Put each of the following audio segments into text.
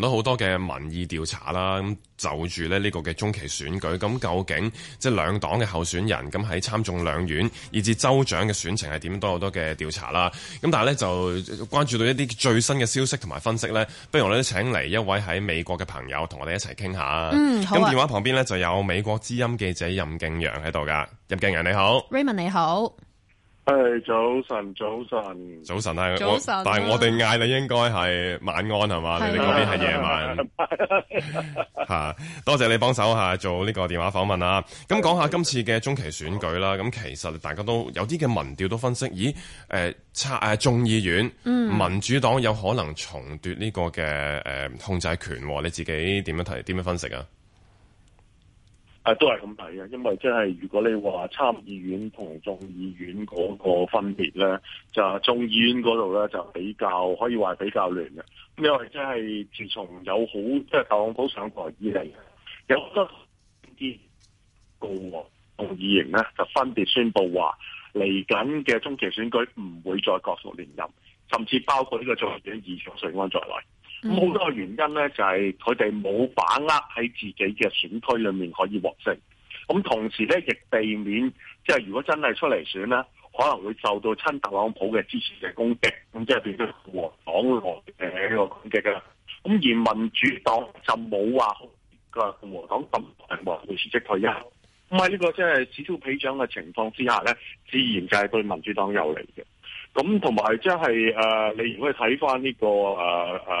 都好多嘅民意調查啦。咁就住咧，呢個嘅中期選舉，咁究竟即係兩黨嘅候選人咁喺參眾兩院，以至州長嘅選情係點？都多好多嘅調查啦。咁但係咧就關注到一啲最新嘅消息同埋分析咧。不如我哋請嚟一位喺美國嘅朋友同我哋一齊傾下。嗯，咁、啊、電話旁邊咧就有美國之音記者任敬揚喺度噶。任敬揚你好，Raymond 你好。係早晨，早晨，早晨，早晨啊！但我但係我哋嗌你，應該係晚安係嘛？吧你嗰邊係夜晚吓， 多謝你幫手吓做呢個電話訪問啊。咁講下今次嘅中期選舉啦。咁其實大家都有啲嘅民調都分析，咦？誒、呃，拆誒眾議院，嗯、民主黨有可能重奪呢個嘅誒控制權。你自己點樣睇？點樣分析啊？都係咁睇嘅，因為即係如果你話參議院同眾議院嗰個分別咧，就係眾議院嗰度咧就比較可以話比較亂嘅。咁因為即係自從有好即係特朗普上台以嚟，有得啲共和眾議員咧就分別宣布話，嚟緊嘅中期選舉唔會再角逐連任，甚至包括呢個眾議院議長瑞安在內。好、嗯、多原因咧，就係佢哋冇把握喺自己嘅選區裏面可以獲勝。咁同時咧，亦避免即係如果真係出嚟選咧，可能會受到親特朗普嘅支持嘅攻擊，咁即係變咗共和黨內嘅呢個攻擊噶。咁而民主黨就冇話個共和黨咁頻頻辭職退休啊。唔係呢個即係此消彼長嘅情況之下咧，自然就係對民主黨有利。咁同埋即係誒，你如果睇翻呢個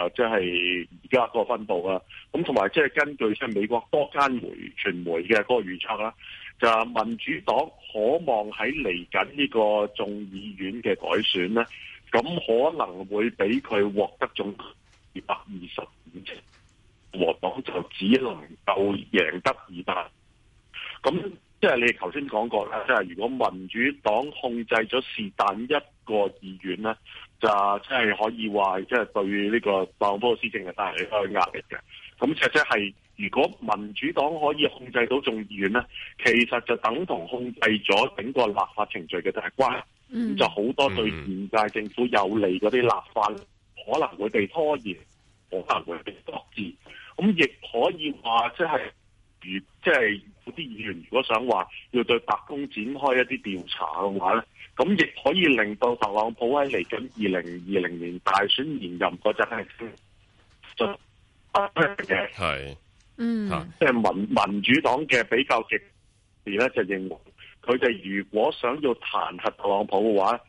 誒即係而家個分布啊，咁同埋即係根據即係美國多間媒傳媒嘅個預測啦，就係民主黨可望喺嚟緊呢個眾議院嘅改選咧，咁可能會俾佢獲得仲二百二十五席，共和黨就只能夠贏得二百咁。即係你頭先講過啦，即係如果民主黨控制咗是但一個議院咧，就即係可以話，即係對呢個特朗普施政嘅帶來一個壓力嘅。咁實質係如果民主黨可以控制到眾議院咧，其實就等同控制咗整個立法程序嘅就大關係，咁、嗯、就好多對現屆政府有利嗰啲立法可能會被拖延，可能會被擱置。咁亦可以話，即係如即係。有啲議員如果想話要對白宮展開一啲調查嘅話咧，咁亦可以令到特朗普喺嚟緊二零二零年大選連任嗰陣係進嘅，係，嗯，即係民民主黨嘅比較極端咧，就認為佢哋如果想要彈劾特朗普嘅話，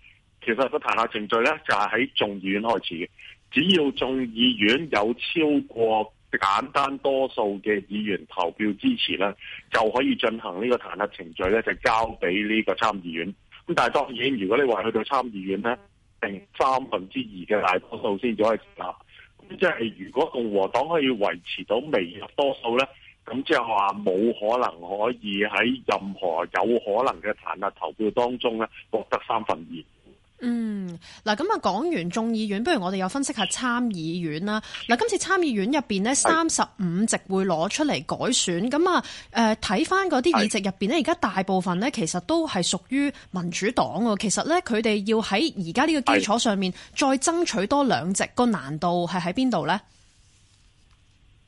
其實個彈劾程序咧就係喺眾議院開始嘅，只要眾議院有超過簡單多數嘅議員投票支持咧，就可以進行呢個彈劾程序咧，就交俾呢個參議院。咁但係當然，如果你話去到參議院咧，定三分之二嘅大多數先可以成立。咁即係如果共和黨可以維持到微弱多數咧，咁即係話冇可能可以喺任何有可能嘅彈劾投票當中咧獲得三分二。嗯，嗱咁啊，講完眾議院，不如我哋又分析下參議院啦。嗱，今次參議院入邊呢，三十五席會攞出嚟改選，咁、呃、啊，誒，睇翻嗰啲議席入邊呢，而家大部分呢，其實都係屬於民主黨。其實呢，佢哋要喺而家呢個基礎上面再爭取多兩席，個難度係喺邊度呢？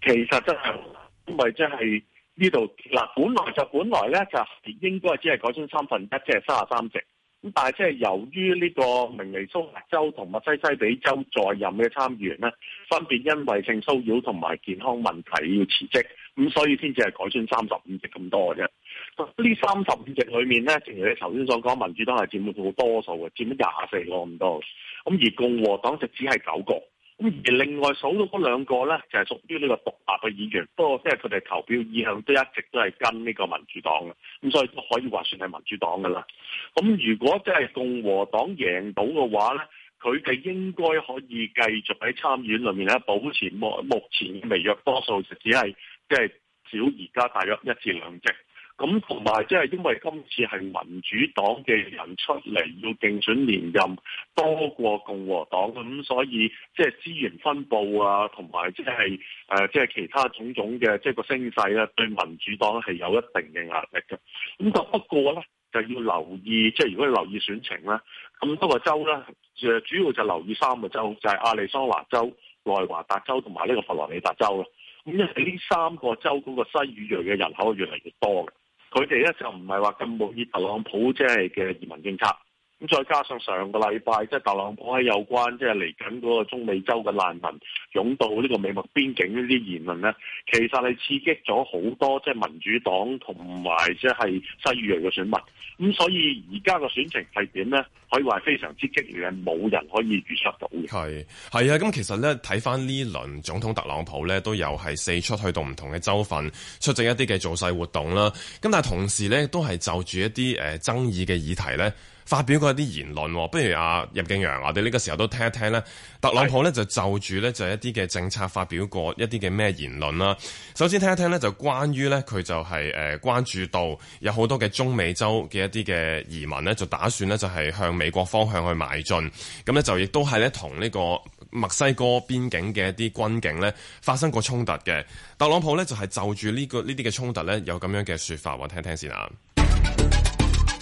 其實真、就、係、是、因為即係呢度嗱，本來就本來呢，就應該只係改咗三分一，即係三十三席。咁但係即係由於呢個明尼蘇達州同密西西比州在任嘅參議員呢，分別因為性騷擾同埋健康問題要辭職，咁所以先至係改選三十五席咁多嘅啫。呢三十五席裏面呢，正如你頭先所講，民主黨係佔到好多數嘅，佔咗廿四個咁多，咁而共和黨就只係九個。而另外數到嗰兩個咧，就係、是、屬於呢個獨立嘅議員，不過即係佢哋投票意向都一直都係跟呢個民主黨嘅，咁所以都可以話算係民主黨嘅啦。咁如果即係共和黨贏到嘅話咧，佢哋應該可以繼續喺參院裏面咧保持目目前嘅微弱多數，就是，就只係即係少而家大約一至兩席。咁同埋，即係因為今次係民主黨嘅人出嚟要競選連任多過共和黨，咁所以即係資源分佈啊，同埋即係即係其他種種嘅即係個聲勢啊，對民主黨係有一定嘅壓力嘅。咁不過咧，就要留意，即係如果你留意選情啦，咁多個州咧誒，主要就留意三個州，就係亞利桑那州、內華達州同埋呢個佛羅里達州咯。咁因為喺呢三個州嗰個西語裔嘅人口越嚟越多嘅。佢哋咧就唔係話咁滿意特朗普，即係嘅移民政策。咁再加上上個禮拜即係特朗普喺有關即係嚟緊嗰個中美洲嘅難民湧到呢個美墨邊境呢啲言論呢，其實係刺激咗好多即係民主黨同埋即係西裔嘅選民。咁所以而家個選情係點呢？可以話係非常之激烈，冇人可以預測到嘅。係係啊，咁其實呢，睇翻呢輪總統特朗普呢，都有係四出去到唔同嘅州份，出席一啲嘅造勢活動啦。咁但係同時呢，都係就住一啲誒、呃、爭議嘅議題呢，發表過一啲言論，不如阿任敬揚，我哋呢個時候都聽一聽呢。特朗普呢，就就住呢，就一啲嘅政策發表過一啲嘅咩言論啦。首先聽一聽呢，就關於呢，佢就係誒關注到有好多嘅中美洲嘅一啲嘅移民呢，就打算呢，就係向美國方向去邁進。咁呢，就亦都係呢，同呢個墨西哥邊境嘅一啲軍警呢，發生過衝突嘅。特朗普呢，就係就住呢個呢啲嘅衝突呢，有咁樣嘅說法，我聽聽先啦。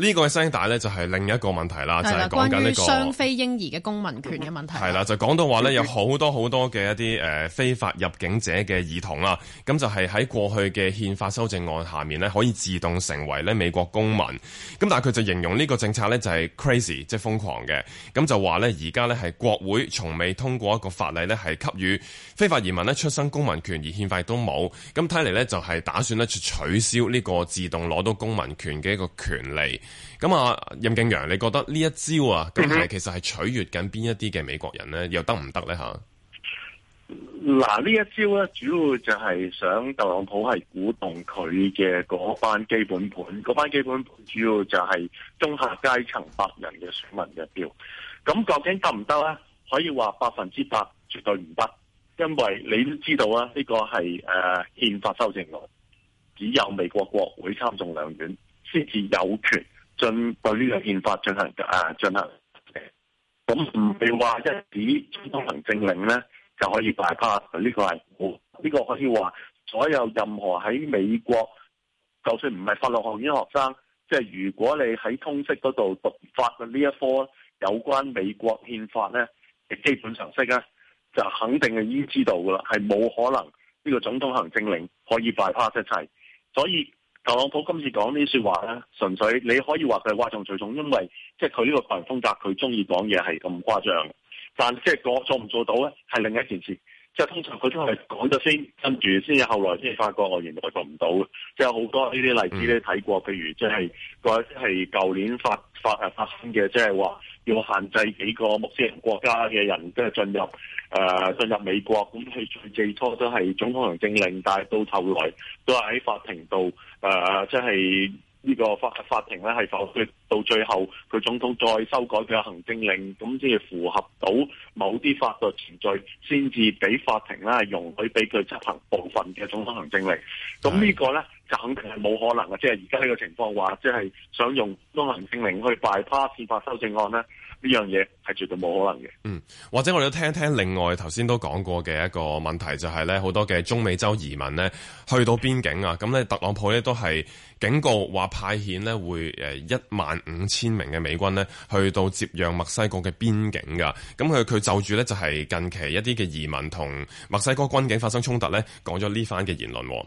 呢、這個嘅聲帶咧就係另一個問題啦，就係講緊呢個雙非嬰兒嘅公民權嘅問題。係啦，就講到話咧，有好多好多嘅一啲非法入境者嘅兒童啦，咁就係喺過去嘅憲法修正案下面呢，可以自動成為咧美國公民。咁但係佢就形容呢個政策呢，就係 crazy，即係瘋狂嘅。咁就話呢，而家呢，係國會從未通過一個法例呢，係給予非法移民呢出生公民權而憲法都冇。咁睇嚟呢，就係打算呢取消呢個自動攞到公民權嘅一個權利。咁啊，任敬揚，你覺得呢一招啊，係其實係取悅緊邊一啲嘅美國人咧，又得唔得咧？吓，嗱，呢一招咧，主要就係想特朗普係鼓動佢嘅嗰班基本盤，嗰班基本盤主要就係中下階層白人嘅選民嘅票。咁究竟得唔得咧？可以話百分之百絕對唔得，因為你都知道啊，呢個係誒憲法修正案，只有美國國會參眾兩院先至有權。進對呢個憲法進行誒、啊、進行，咁唔係話一紙總統行政令咧就可以 bypass，呢、這個係冇，呢、哦這個可以話所有任何喺美國，就算唔係法律學院學生，即、就、係、是、如果你喺通識嗰度讀法嘅呢一科有關美國憲法咧嘅基本常識咧，就肯定係已經知道㗎喇，係冇可能呢個總統行政令可以 bypass 一齊，所以。特朗普今次講呢啲說話咧，純粹你可以話佢嘩眾取寵，因為即係佢呢個個人風格，佢中意講嘢係咁誇張。但即係做做唔做到咧，係另一件事。即係通常佢都係講咗先，跟住先至後來先發覺我原來做唔到嘅。即係好多呢啲例子咧睇過，譬如即係個即係舊年發發誒發生嘅，即係話要限制幾個穆斯林國家嘅人即係進入、呃、進入美國。咁佢最初都係總統行政令，但係到後來都係喺法庭度。誒、呃，即係呢個法法庭咧，係否決到最後，佢總統再修改佢嘅行政令，咁即係符合到某啲法律程序，先至俾法庭咧容許俾佢執行部分嘅總統行政令。咁呢個咧就肯定係冇可能嘅，即係而家呢個情況話，即係想用當行政令去 bypass 憲法修正案咧。呢樣嘢係絕對冇可能嘅。嗯，或者我哋都聽一聽另外頭先都講過嘅一個問題，就係咧好多嘅中美洲移民咧去到邊境啊。咁咧特朗普咧都係警告話派遣呢會誒一萬五千名嘅美軍呢去到接壤墨西哥嘅邊境噶。咁佢佢就住呢就係、是、近期一啲嘅移民同墨西哥軍警發生衝突咧，講咗呢番嘅言論、哦。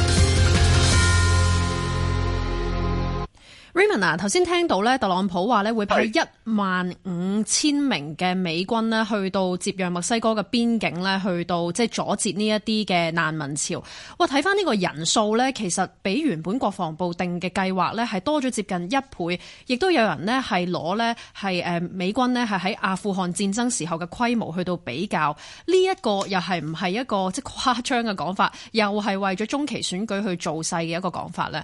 Raymond 啊，頭先聽到咧，特朗普話咧會派一萬五千名嘅美軍呢去到接壤墨西哥嘅邊境咧，去到即係阻截呢一啲嘅難民潮。哇，睇翻呢個人數咧，其實比原本國防部定嘅計劃咧係多咗接近一倍，亦都有人呢係攞呢係誒美軍呢係喺阿富汗戰爭時候嘅規模去到比較。呢一個又係唔係一個即係誇張嘅講法，又係為咗中期選舉去做勢嘅一個講法咧？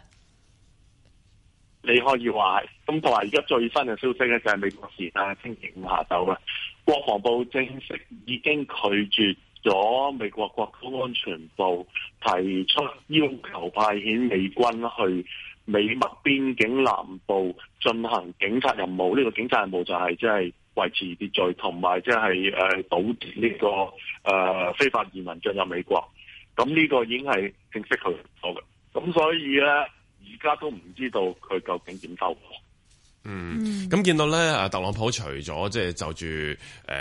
你可以話，咁同埋而家最新嘅消息咧，就係美國時間星期五下晝啊，國防部正式已經拒絕咗美國國土安全部提出要求派遣美軍去美墨邊境南部進行警察任務。呢個警察任務就係即係維持秩序同埋即係誒堵截呢個誒非法移民進入美國。咁呢個已經係正式拒絕咗嘅。咁所以咧。而家都唔知道佢究竟點收？嗯，咁見到咧，特朗普除咗即係就住誒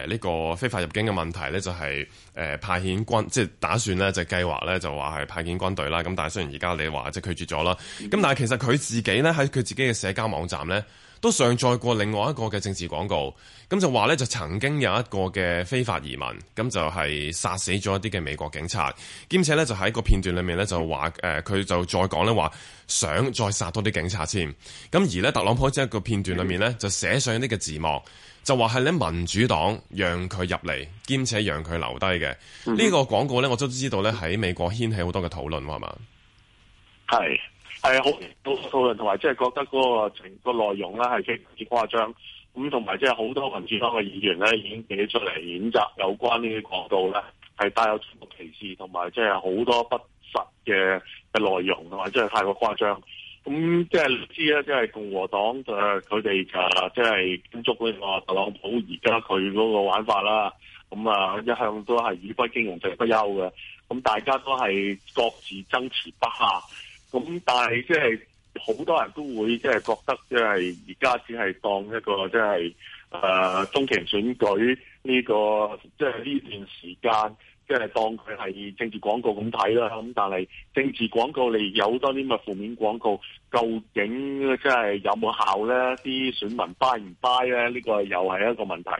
呢個非法入境嘅問題咧，就係、是、誒、呃、派遣軍，即、就、係、是、打算咧，就是、計劃咧，就話係派遣軍隊啦。咁但係雖然而家你話即係拒絕咗啦，咁、嗯、但係其實佢自己咧喺佢自己嘅社交網站咧，都上載過另外一個嘅政治廣告，咁就話呢，就曾經有一個嘅非法移民，咁就係殺死咗一啲嘅美國警察，兼且呢，就喺個片段裏面、呃、呢，就話誒佢就再講呢話想再殺多啲警察先，咁而呢，特朗普即一個片段裏面呢，就寫上一啲嘅字幕，就話係呢民主黨讓佢入嚟，兼且讓佢留低嘅呢個廣告呢，我都知道呢，喺美國掀起好多嘅討論，係嘛？係。係啊，好討論同埋，即係覺得嗰個情、那個、內容咧係非常之誇張，咁同埋即係好多民主黨嘅議員咧已經企出嚟，譴責有關國呢啲角度咧係帶有種族歧視，同埋即係好多不實嘅嘅內容，同埋即係太過誇張。咁即係知咧，即係共和黨嘅佢哋即係建築呢個特朗普而家佢嗰個玩法啦。咁啊一向都係語不驚人死不休嘅，咁大家都係各自爭持不下。咁但係即係好多人都會即係覺得即係而家只係當一個即係誒中期選舉呢個即係呢段時間即係當佢係政治廣告咁睇啦。咁但係政治廣告嚟有好多啲咁嘅負面廣告，究竟即係有冇效咧？啲選民 buy 唔 buy 咧？呢個又係一個問題。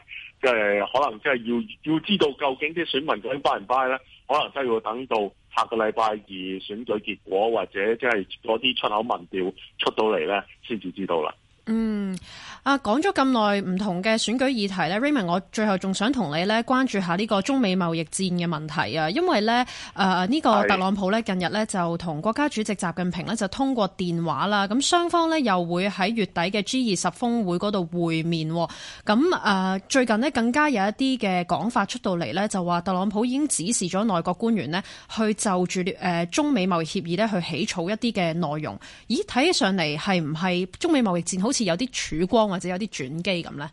即係可能即係要要知道究竟啲選民究竟 buy 唔 buy 咧，可能真係要等到下個禮拜二選舉結果，或者即係嗰啲出口民調出到嚟咧，先至知道啦。嗯，啊，講咗咁耐唔同嘅選舉議題咧，Raymond，我最後仲想同你咧關注下呢個中美貿易戰嘅問題啊，因為咧，誒、呃、呢、呢個特朗普咧近日咧就同國家主席習近平咧就通過電話啦，咁雙方咧又會喺月底嘅 G 二十峰會嗰度會面，咁、呃、誒最近咧更加有一啲嘅講法出到嚟咧，就話特朗普已經指示咗內閣官員咧去就住誒中美貿易協議咧去起草一啲嘅內容，咦睇起上嚟係唔係中美貿易戰好？好似有啲曙光或者有啲轉機咁呢，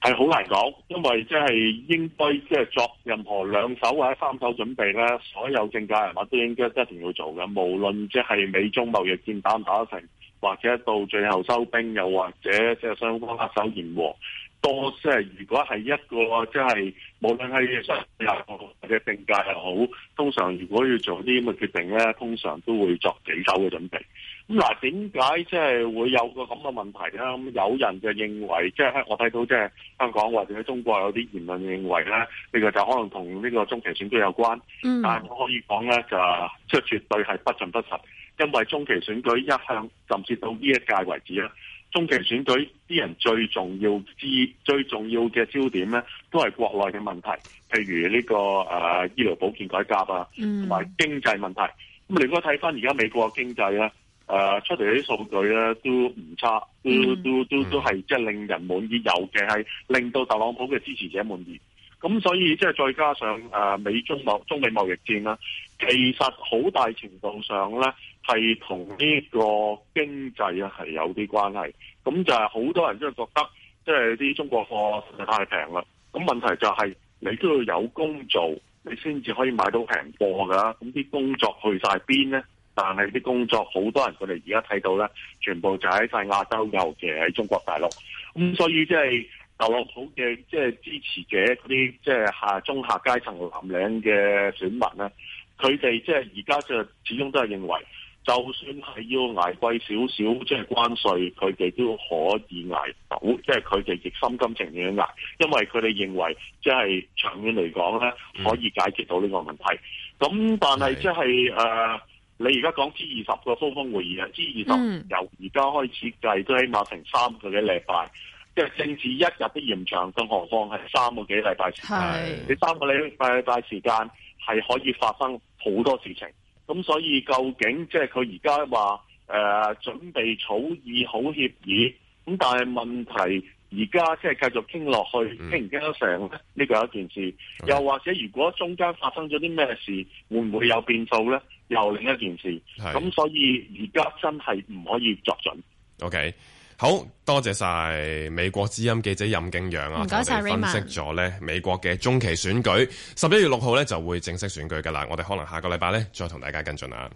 係好難講，因為即係應該即係作任何兩手或者三手準備呢，所有政界人物都應該一定要做嘅，無論即係美中貿易戰打唔打得成，或者到最後收兵，又或者即係雙方握手言和。多即係，如果係一個即係，無論係商業又好或者政界又好，通常如果要做啲咁嘅決定咧，通常都會作幾手嘅準備。咁、嗯、嗱，點解即係會有個咁嘅問題咧？咁有人就認為，即係我睇到即係香港或者喺中國有啲言論認為咧，呢、呢個就可能同呢個中期選舉有關。嗯、但係我可以講咧，就即係絕對係不盡不實，因為中期選舉一向甚至到呢一屆為止啦。中期選舉啲人最重要之最重要嘅焦點咧，都係國內嘅問題，譬如呢、這個誒、呃、醫療保健改革啊，同、嗯、埋經濟問題。咁你如果睇翻而家美國嘅經濟咧，誒、呃、出嚟啲數據咧都唔差，都、嗯、都都都係即係令人滿意，有嘅係令到特朗普嘅支持者滿意。咁所以即係、就是、再加上誒、呃、美中貿中美貿易戰啦，其實好大程度上咧。係同呢個經濟啊係有啲關係，咁就係好多人都覺得，即係啲中國貨實在太平啦。咁問題就係你都要有工做，你先至可以買到平貨㗎。咁啲工作去晒邊咧？但係啲工作好多人佢哋而家睇到咧，全部就喺晒亞洲，尤其係中國大陸。咁所以即係特朗普嘅即係支持者嗰啲，即係下中下階層藍領嘅選民咧，佢哋即係而家就始終都係認為。就算係要捱貴少少，即係關稅，佢哋都可以捱到，即係佢哋亦心甘情願捱，因為佢哋認為即係長遠嚟講咧，可以解決到呢個問題。咁但係即係誒，你而家講 G 二十嘅高峰會議啊，G 二十由而家開始計都起碼成三個幾禮拜，即係政治一日都嫌長，更何況係三個幾禮拜時間，你三個禮拜禮拜時間係可以發生好多事情。咁所以究竟即係佢而家話誒準備草擬好協議，咁但係問題而家即係繼續傾落去傾唔傾得成呢？嗯，呢個一件事，okay. 又或者如果中間發生咗啲咩事，會唔會有變數咧？又另一件事，咁所以而家真係唔可以作準。OK。好多謝曬美國之音記者任敬揚啊，謝謝我哋分析咗呢美國嘅中期選舉，十一月六號呢就會正式選舉嘅啦。我哋可能下個禮拜呢再同大家跟進啦。